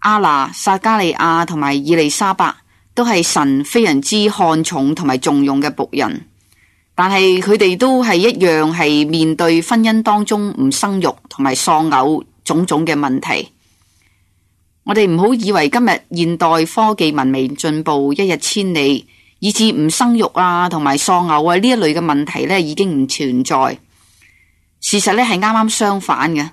阿娜、撒加利亞同埋伊利沙伯都係神非常之看重同埋重用嘅僕人，但係佢哋都係一樣係面對婚姻當中唔生育同埋喪偶種種嘅問題。我哋唔好以為今日現代科技文明進步一日千里，以至唔生育啊同埋喪偶啊呢一類嘅問題呢已經唔存在，事實呢係啱啱相反嘅。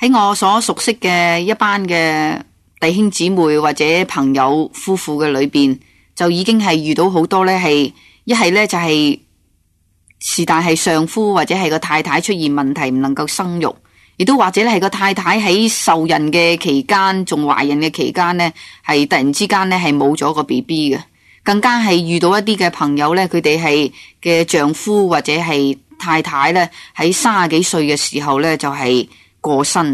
喺我所熟悉嘅一班嘅弟兄姊妹或者朋友夫婦嘅裏邊，就已經係遇到好多咧，係一係咧就係是但係丈夫或者係個太太出現問題唔能夠生育，亦都或者係個太太喺受孕嘅期間仲懷孕嘅期間咧，係突然之間咧係冇咗個 BB 嘅，更加係遇到一啲嘅朋友咧，佢哋係嘅丈夫或者係太太咧喺卅幾歲嘅時候咧就係、是。過身，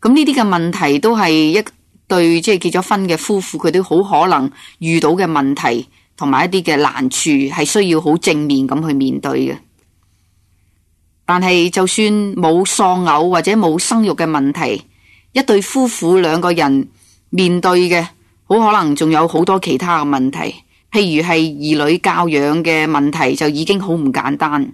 咁呢啲嘅問題都係一對即係、就是、結咗婚嘅夫婦，佢都好可能遇到嘅問題，同埋一啲嘅難處係需要好正面咁去面對嘅。但係就算冇喪偶或者冇生育嘅問題，一對夫婦兩個人面對嘅，好可能仲有好多其他嘅問題，譬如係兒女教養嘅問題就已經好唔簡單。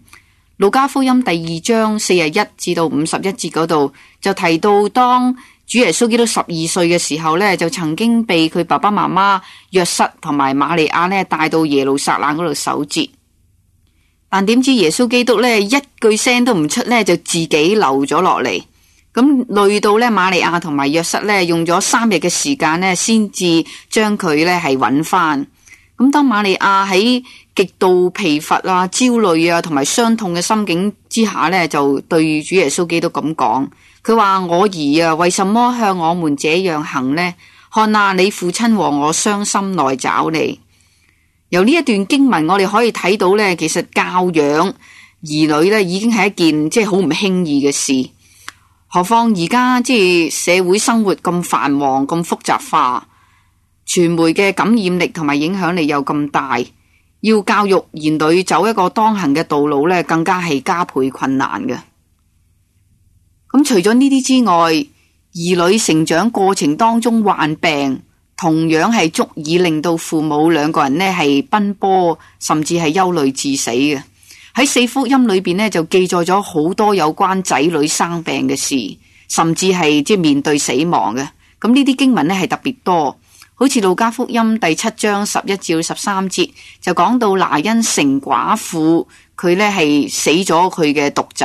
路加福音第二章四十一至到五十一節嗰度就提到，當主耶穌基督十二歲嘅時候呢就曾經被佢爸爸媽媽約瑟同埋瑪利亞呢帶到耶路撒冷嗰度守節。但點知耶穌基督呢一句聲都唔出呢就自己留咗落嚟，咁累到呢，瑪利亞同埋約瑟呢用咗三日嘅時間呢先至將佢呢係揾翻。咁當瑪利亞喺極度疲乏啊、焦慮啊，同埋傷痛嘅心境之下呢，就對主耶穌基督咁講。佢話，我兒啊，為什麼向我們這樣行呢？看啊，你父親和我傷心來找你。由呢一段經文，我哋可以睇到呢，其實教養兒女呢已經係一件即係好唔輕易嘅事。何況而家即係社會生活咁繁忙，咁複雜化，傳媒嘅感染力同埋影響力又咁大。要教育兒女走一個當行嘅道路呢，更加係加倍困難嘅。咁除咗呢啲之外，兒女成長過程當中患病，同樣係足以令到父母兩個人呢係奔波，甚至係憂慮致死嘅。喺四福音裏邊呢，就記載咗好多有關仔女生病嘅事，甚至係即係面對死亡嘅。咁呢啲經文呢係特別多。好似路加福音第七章十一至十三節就講到拿因成寡婦，佢呢係死咗佢嘅獨仔。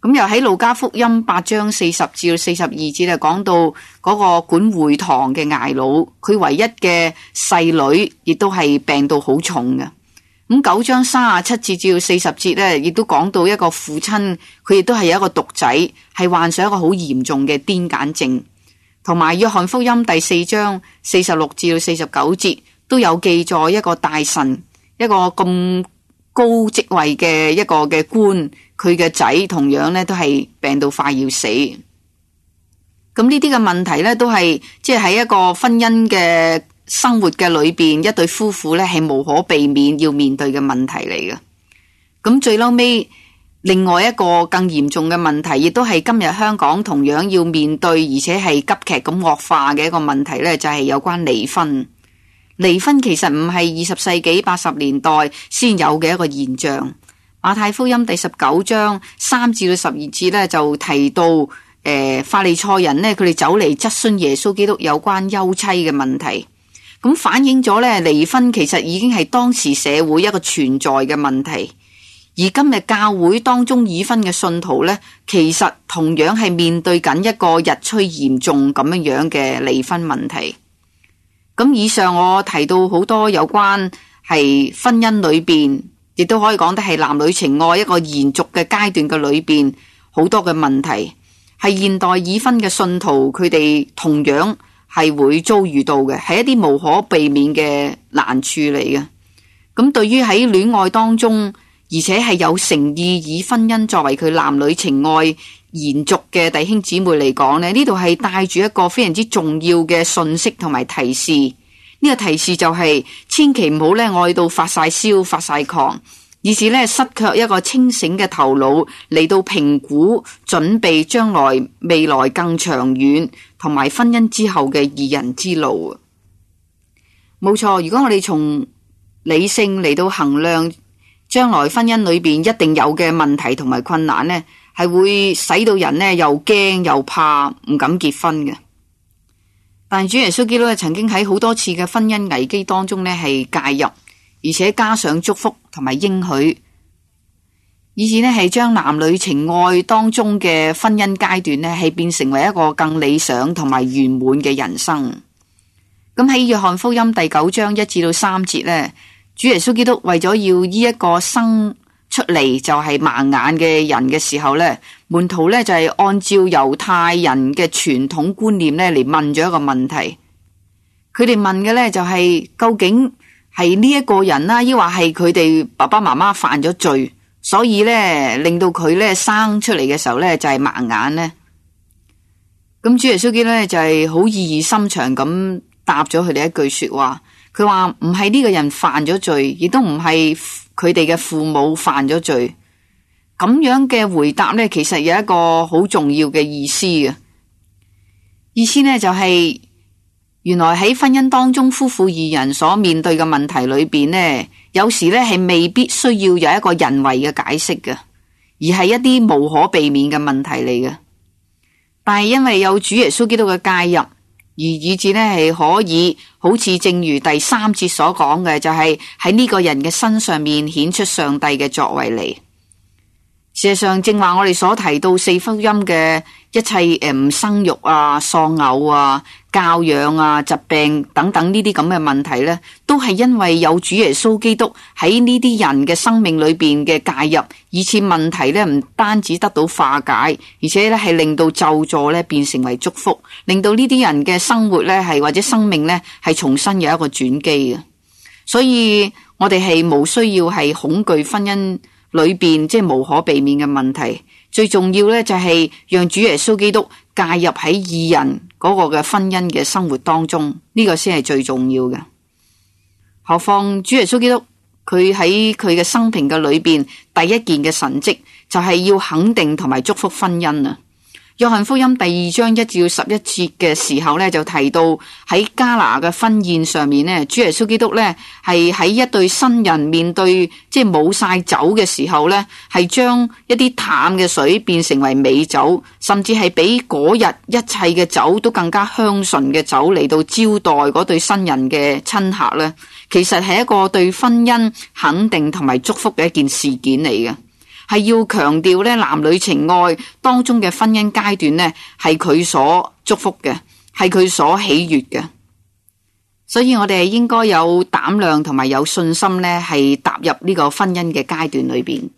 咁又喺路加福音八章四十至到四十二節呢，講到嗰個管會堂嘅睚魯，佢唯一嘅細女亦都係病到好重嘅。咁九章三十七至四十節呢，亦都講到一個父親，佢亦都係有一個獨仔，係患上一個好嚴重嘅癲癇症。同埋《約翰福音》第四章四十六至到四十九節都有記載一個大臣，一個咁高職位嘅一個嘅官，佢嘅仔同樣咧都係病到快要死。咁呢啲嘅問題咧，都係即係喺一個婚姻嘅生活嘅裏邊，一對夫婦咧係無可避免要面對嘅問題嚟嘅。咁最嬲尾。另外一個更嚴重嘅問題，亦都係今日香港同樣要面對，而且係急劇咁惡化嘅一個問題呢，就係、是、有關離婚。離婚其實唔係二十世紀八十年代先有嘅一個現象。馬太福音第十九章三至到十二節呢，就提到，誒、欸、法利賽人呢，佢哋走嚟質詢耶穌基督有關休妻嘅問題，咁反映咗呢，離婚其實已經係當時社會一個存在嘅問題。而今日教會當中已婚嘅信徒呢，其實同樣係面對緊一個日趨嚴重咁樣樣嘅離婚問題。咁以上我提到好多有關係婚姻裏邊，亦都可以講得係男女情愛一個延續嘅階段嘅裏邊好多嘅問題，係現代已婚嘅信徒佢哋同樣係會遭遇到嘅，係一啲無可避免嘅難處嚟嘅。咁對於喺戀愛當中，而且係有誠意以婚姻作為佢男女情愛延續嘅弟兄姊妹嚟講呢，呢度係帶住一個非常之重要嘅信息同埋提示。呢、呢個提示就係、是、千祈唔好咧，愛到發晒燒、發晒狂，以至呢失卻一個清醒嘅頭腦嚟到評估、準備將來未來更長遠同埋婚姻之後嘅二人之路。冇錯，如果我哋從理性嚟到衡量。將來婚姻裏邊一定有嘅問題同埋困難呢，係會使到人呢又驚又怕，唔敢結婚嘅。但主耶穌基督曾經喺好多次嘅婚姻危機當中呢，係介入，而且加上祝福同埋應許，以致呢係將男女情愛當中嘅婚姻階段呢，係變成為一個更理想同埋圓滿嘅人生。咁喺約翰福音第九章一至到三節呢，主耶穌基督為咗要呢一個生出嚟就係盲眼嘅人嘅時候呢，門徒呢就係按照猶太人嘅傳統觀念呢嚟問咗一個問題。佢哋問嘅呢就係究竟係呢一個人啦，抑或係佢哋爸爸媽媽犯咗罪，所以呢，令到佢呢生出嚟嘅時候呢，就係盲眼呢。咁主耶穌基督呢，就係好意義深長咁答咗佢哋一句說話。佢話唔係呢個人犯咗罪，亦都唔係佢哋嘅父母犯咗罪。咁樣嘅回答呢，其實有一個好重要嘅意思。意思呢，就係、是、原來喺婚姻當中，夫婦二人所面對嘅問題裏邊呢，有時呢係未必需要有一個人為嘅解釋嘅，而係一啲無可避免嘅問題嚟嘅。但係因為有主耶穌基督嘅介入。而以至呢，係可以好似正如第三節所講嘅，就係喺呢個人嘅身上面顯出上帝嘅作為嚟。事實上，正話我哋所提到四福音嘅。一切誒唔生育啊、喪偶啊、教養啊、疾病等等呢啲咁嘅問題呢，都係因為有主耶穌基督喺呢啲人嘅生命裏邊嘅介入，以致問題呢唔單止得到化解，而且呢係令到咒助呢變成為祝福，令到呢啲人嘅生活呢係或者生命呢係重新有一個轉機嘅。所以我哋係無需要係恐懼婚姻裏邊即係無可避免嘅問題。最重要咧，就係讓主耶穌基督介入喺二人嗰個嘅婚姻嘅生活當中，呢個先係最重要嘅。何況主耶穌基督佢喺佢嘅生平嘅裏邊，第一件嘅神蹟就係要肯定同埋祝福婚姻啦約翰福音第二章一至十一節嘅時候咧，就提到喺加拿嘅婚宴上面咧，主耶穌基督咧係喺一對新人面對即係冇晒酒嘅時候咧，係將一啲淡嘅水變成為美酒，甚至係比嗰日一切嘅酒都更加香醇嘅酒嚟到招待嗰對新人嘅親客咧。其實係一個對婚姻肯定同埋祝福嘅一件事件嚟嘅。係要強調咧，男女情愛當中嘅婚姻階段咧，係佢所祝福嘅，係佢所喜悅嘅。所以我哋應該有膽量同埋有信心咧，係踏入呢個婚姻嘅階段裏邊。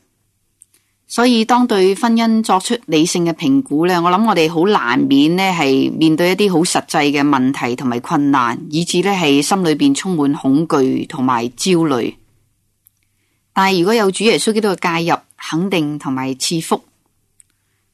所以當對婚姻作出理性嘅評估咧，我諗我哋好難免呢係面對一啲好實際嘅問題同埋困難，以至呢係心裏邊充滿恐懼同埋焦慮。但係，如果有主耶穌基督嘅介入、肯定同埋賜福，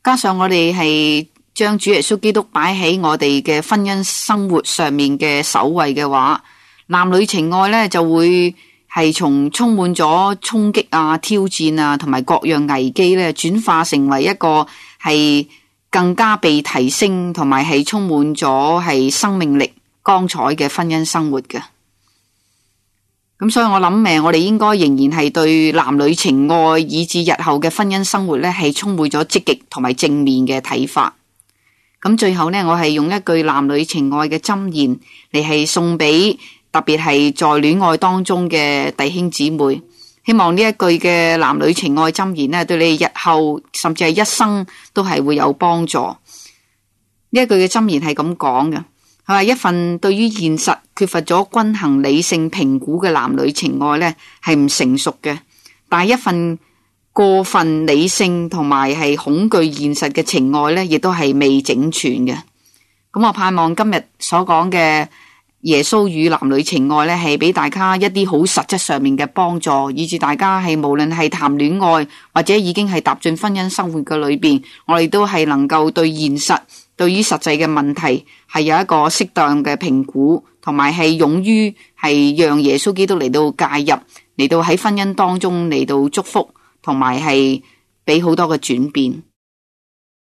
加上我哋係將主耶穌基督擺喺我哋嘅婚姻生活上面嘅首位嘅話，男女情愛呢就會係從充滿咗衝擊啊、挑戰啊同埋各樣危機呢，轉化成為一個係更加被提升同埋係充滿咗係生命力、光彩嘅婚姻生活嘅。咁所以我諗誒，我哋應該仍然係對男女情愛以至日後嘅婚姻生活咧，係充滿咗積極同埋正面嘅睇法。咁最後咧，我係用一句男女情愛嘅箴言嚟係送俾特別係在戀愛當中嘅弟兄姊妹，希望呢一句嘅男女情愛箴言咧，對你哋日後甚至係一生都係會有幫助。呢一句嘅箴言係咁講嘅。係啊，一份對於現實缺乏咗均衡理性評估嘅男女情愛呢？係唔成熟嘅；但係一份過分理性同埋係恐懼現實嘅情愛呢，亦都係未整全嘅。咁我盼望今日所講嘅耶穌與男女情愛呢，係俾大家一啲好實質上面嘅幫助，以至大家係無論係談戀愛或者已經係踏進婚姻生活嘅裏邊，我哋都係能夠對現實。對於實際嘅問題，係有一個適當嘅評估，同埋係勇於係讓耶穌基督嚟到介入，嚟到喺婚姻當中嚟到祝福，同埋係俾好多嘅轉變。